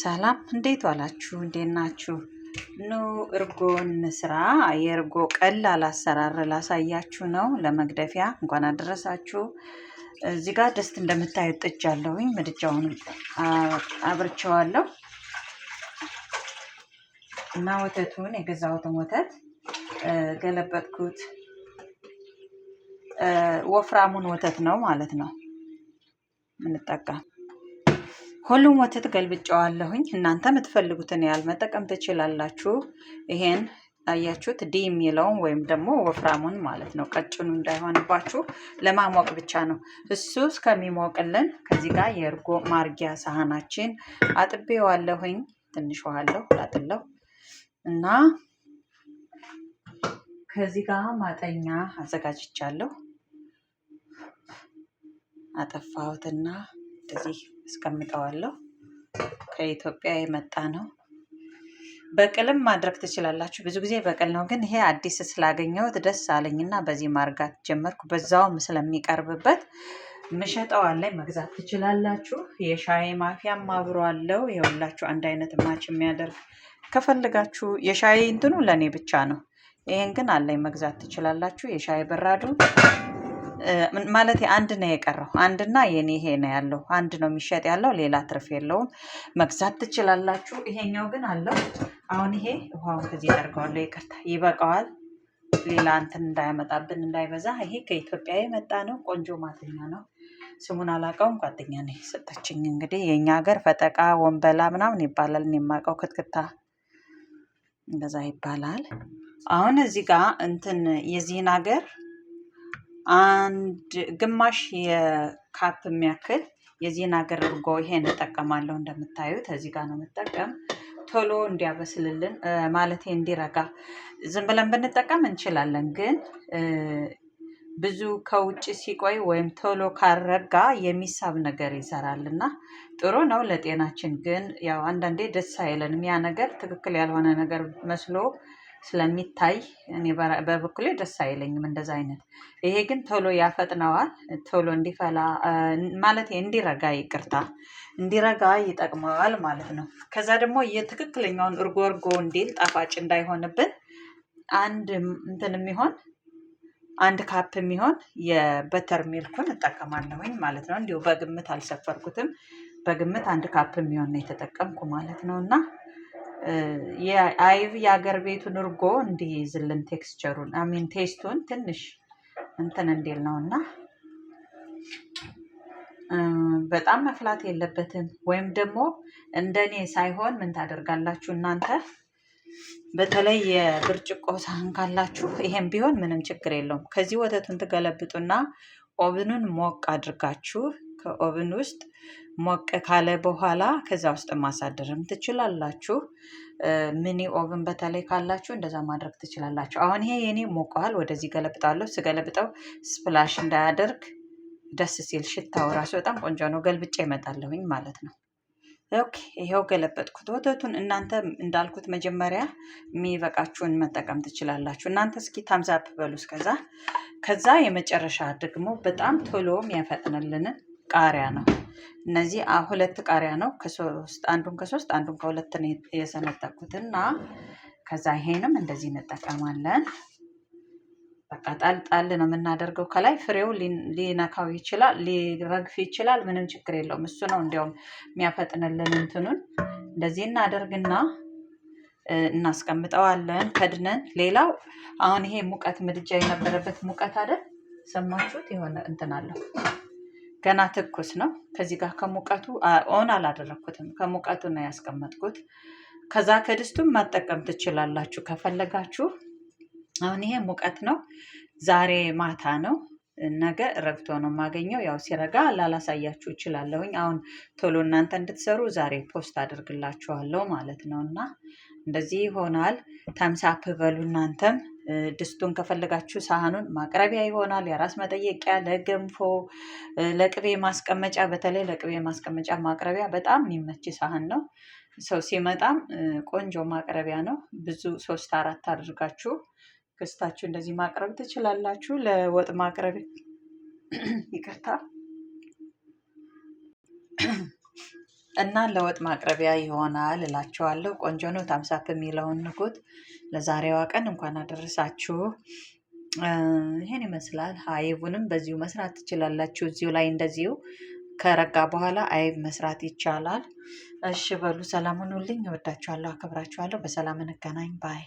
ሰላም እንዴት ዋላችሁ? እንዴት ናችሁ? ኑ እርጎ እንስራ። የእርጎ ቀላል አሰራር ላሳያችሁ ነው። ለመግደፊያ እንኳን አደረሳችሁ። እዚህ ጋር ድስት እንደምታዩት ጥጅ አለሁኝ። ምድጃውን አብርቸዋለሁ እና ወተቱን የገዛሁትን ወተት ገለበጥኩት። ወፍራሙን ወተት ነው ማለት ነው ምንጠቀም ሁሉም ወተት ገልብጨዋለሁኝ። እናንተ የምትፈልጉትን ያህል መጠቀም ትችላላችሁ። ይሄን አያችሁት ዲ የሚለውን ወይም ደግሞ ወፍራሙን ማለት ነው። ቀጭኑ እንዳይሆንባችሁ ለማሞቅ ብቻ ነው። እሱ እስከሚሞቅልን ከዚህ ጋር የእርጎ ማርጊያ ሳህናችን አጥቤዋለሁኝ። ትንሽ ውሃለሁ ላጥለው እና ከዚህ ጋር ማጠኛ አዘጋጅቻለሁ። አጠፋሁትና እዚህ እስቀምጠዋለሁ። ከኢትዮጵያ የመጣ ነው። በቅልም ማድረግ ትችላላችሁ። ብዙ ጊዜ በቅል ነው፣ ግን ይሄ አዲስ ስላገኘሁት ደስ አለኝና በዚህ ማርጋት ጀመርኩ። በዛውም ስለሚቀርብበት ምሸጠው አለኝ፣ መግዛት ትችላላችሁ። የሻይ ማፊያም አብሮ አለው። የሁላችሁ አንድ አይነት ማች የሚያደርግ ከፈልጋችሁ የሻይ እንትኑ ለእኔ ብቻ ነው። ይሄን ግን አለኝ፣ መግዛት ትችላላችሁ። የሻይ በራዱ ማለት አንድ ነው የቀረው። አንድና የኔ ይሄ ነው ያለው። አንድ ነው የሚሸጥ ያለው፣ ሌላ ትርፍ የለውም። መግዛት ትችላላችሁ። ይሄኛው ግን አለው። አሁን ይሄ ውሃውን ከዚህ አደርገዋለሁ። ይቅርታ ይበቃዋል። ሌላ እንትን እንዳያመጣብን እንዳይበዛ። ይሄ ከኢትዮጵያ የመጣ ነው። ቆንጆ ማተኛ ነው። ስሙን አላውቀውም። ጓደኛ ነው የሰጠችኝ። እንግዲህ የእኛ ሀገር ፈጠቃ ወንበላ ምናምን ይባላል። እኔ የማውቀው ክትክታ እንደዛ ይባላል። አሁን እዚህ ጋር እንትን የዚህን ሀገር አንድ ግማሽ የካፕ የሚያክል የዜና ሀገር እርጎ ይሄን እጠቀማለሁ። እንደምታዩት እዚህ ጋር ነው የምጠቀም። ቶሎ እንዲያበስልልን ማለት እንዲረጋ ዝም ብለን ብንጠቀም እንችላለን፣ ግን ብዙ ከውጭ ሲቆይ ወይም ቶሎ ካረጋ የሚሳብ ነገር ይሰራል እና ጥሩ ነው ለጤናችን። ግን ያው አንዳንዴ ደስ አይለንም ያ ነገር ትክክል ያልሆነ ነገር መስሎ ስለሚታይ እኔ በበኩሌ ደስ አይለኝም እንደዛ አይነት። ይሄ ግን ቶሎ ያፈጥነዋል። ቶሎ እንዲፈላ ማለት እንዲረጋ ይቅርታ፣ እንዲረጋ ይጠቅመዋል ማለት ነው። ከዛ ደግሞ የትክክለኛውን እርጎ እርጎ እንዲል ጣፋጭ እንዳይሆንብን አንድ እንትን የሚሆን አንድ ካፕ የሚሆን የበተር ሚልኩን እጠቀማለሁኝ ማለት ነው። እንዲሁ በግምት አልሰፈርኩትም። በግምት አንድ ካፕ የሚሆን ነው የተጠቀምኩ ማለት ነው እና የአይብ የአገር ቤቱን እርጎ እንዲይዝልን ቴክስቸሩን አሚን ቴስቱን ትንሽ እንትን እንዲል ነው እና በጣም መፍላት የለበትም። ወይም ደግሞ እንደኔ ሳይሆን ምን ታደርጋላችሁ እናንተ በተለይ የብርጭቆ ሳህን ካላችሁ ይሄም ቢሆን ምንም ችግር የለውም። ከዚህ ወተቱን ትገለብጡና ኦብኑን ሞቅ አድርጋችሁ ከኦቭን ውስጥ ሞቅ ካለ በኋላ ከዛ ውስጥ ማሳደርም ትችላላችሁ። ሚኒ ኦቭን በተለይ ካላችሁ እንደዛ ማድረግ ትችላላችሁ። አሁን ይሄ የኔ ሞቀዋል። ወደዚህ ገለብጣለሁ። ስገለብጠው ስፕላሽ እንዳያደርግ ደስ ሲል ሽታው ራሱ በጣም ቆንጆ ነው። ገልብጬ ይመጣለሁኝ ማለት ነው። ኦኬ ይኸው ገለበጥኩት። ወተቱን እናንተ እንዳልኩት መጀመሪያ የሚበቃችሁን መጠቀም ትችላላችሁ። እናንተ እስኪ ታምዛፕ በሉ እስከዛ። ከዛ የመጨረሻ ደግሞ በጣም ቶሎ የሚያፈጥንልንን ቃሪያ ነው። እነዚህ ሁለት ቃሪያ ነው። ከሶስት አንዱን ከሶስት አንዱን ከሁለት ነው የሰነጠኩት እና ከዛ ይሄንም እንደዚህ እንጠቀማለን። በቃ ጣል ጣል ነው የምናደርገው። ከላይ ፍሬው ሊነካው ይችላል፣ ሊረግፍ ይችላል። ምንም ችግር የለውም። እሱ ነው እንዲያውም የሚያፈጥንልን እንትኑን። እንደዚህ እናደርግና እናስቀምጠዋለን ከድነን። ሌላው አሁን ይሄ ሙቀት ምድጃ የነበረበት ሙቀት አይደል ሰማችሁት? የሆነ እንትን አለው ገና ትኩስ ነው። ከዚህ ጋር ከሙቀቱ ኦን አላደረግኩትም፣ ከሙቀቱ ነው ያስቀመጥኩት። ከዛ ከድስቱም መጠቀም ትችላላችሁ ከፈለጋችሁ። አሁን ይሄ ሙቀት ነው። ዛሬ ማታ ነው። ነገ ረግቶ ነው የማገኘው። ያው ሲረጋ ላላሳያችሁ እችላለሁኝ። አሁን ቶሎ እናንተ እንድትሰሩ ዛሬ ፖስት አድርግላችኋለሁ ማለት ነው። እና እንደዚህ ይሆናል። ተምሳፕ በሉ እናንተም ድስቱን ከፈለጋችሁ ሳህኑን ማቅረቢያ ይሆናል። የራስ መጠየቂያ ለገንፎ፣ ለቅቤ ማስቀመጫ፣ በተለይ ለቅቤ ማስቀመጫ ማቅረቢያ በጣም የሚመች ሳህን ነው። ሰው ሲመጣም ቆንጆ ማቅረቢያ ነው። ብዙ ሶስት አራት አድርጋችሁ ገስታችሁ እንደዚህ ማቅረብ ትችላላችሁ። ለወጥ ማቅረቢያ ይቅርታ እና ለወጥ ማቅረቢያ ይሆናል እላችኋለሁ። ቆንጆ ነው። ታምሳፕ የሚለውን ንኩት። ለዛሬዋ ቀን እንኳን አደረሳችሁ። ይሄን ይመስላል። አይቡንም በዚሁ መስራት ትችላላችሁ። እዚሁ ላይ እንደዚሁ ከረጋ በኋላ አይብ መስራት ይቻላል። እሺ በሉ። ሰላም ሁኑልኝ። እወዳችኋለሁ፣ አከብራችኋለሁ። በሰላም እንገናኝ ባይ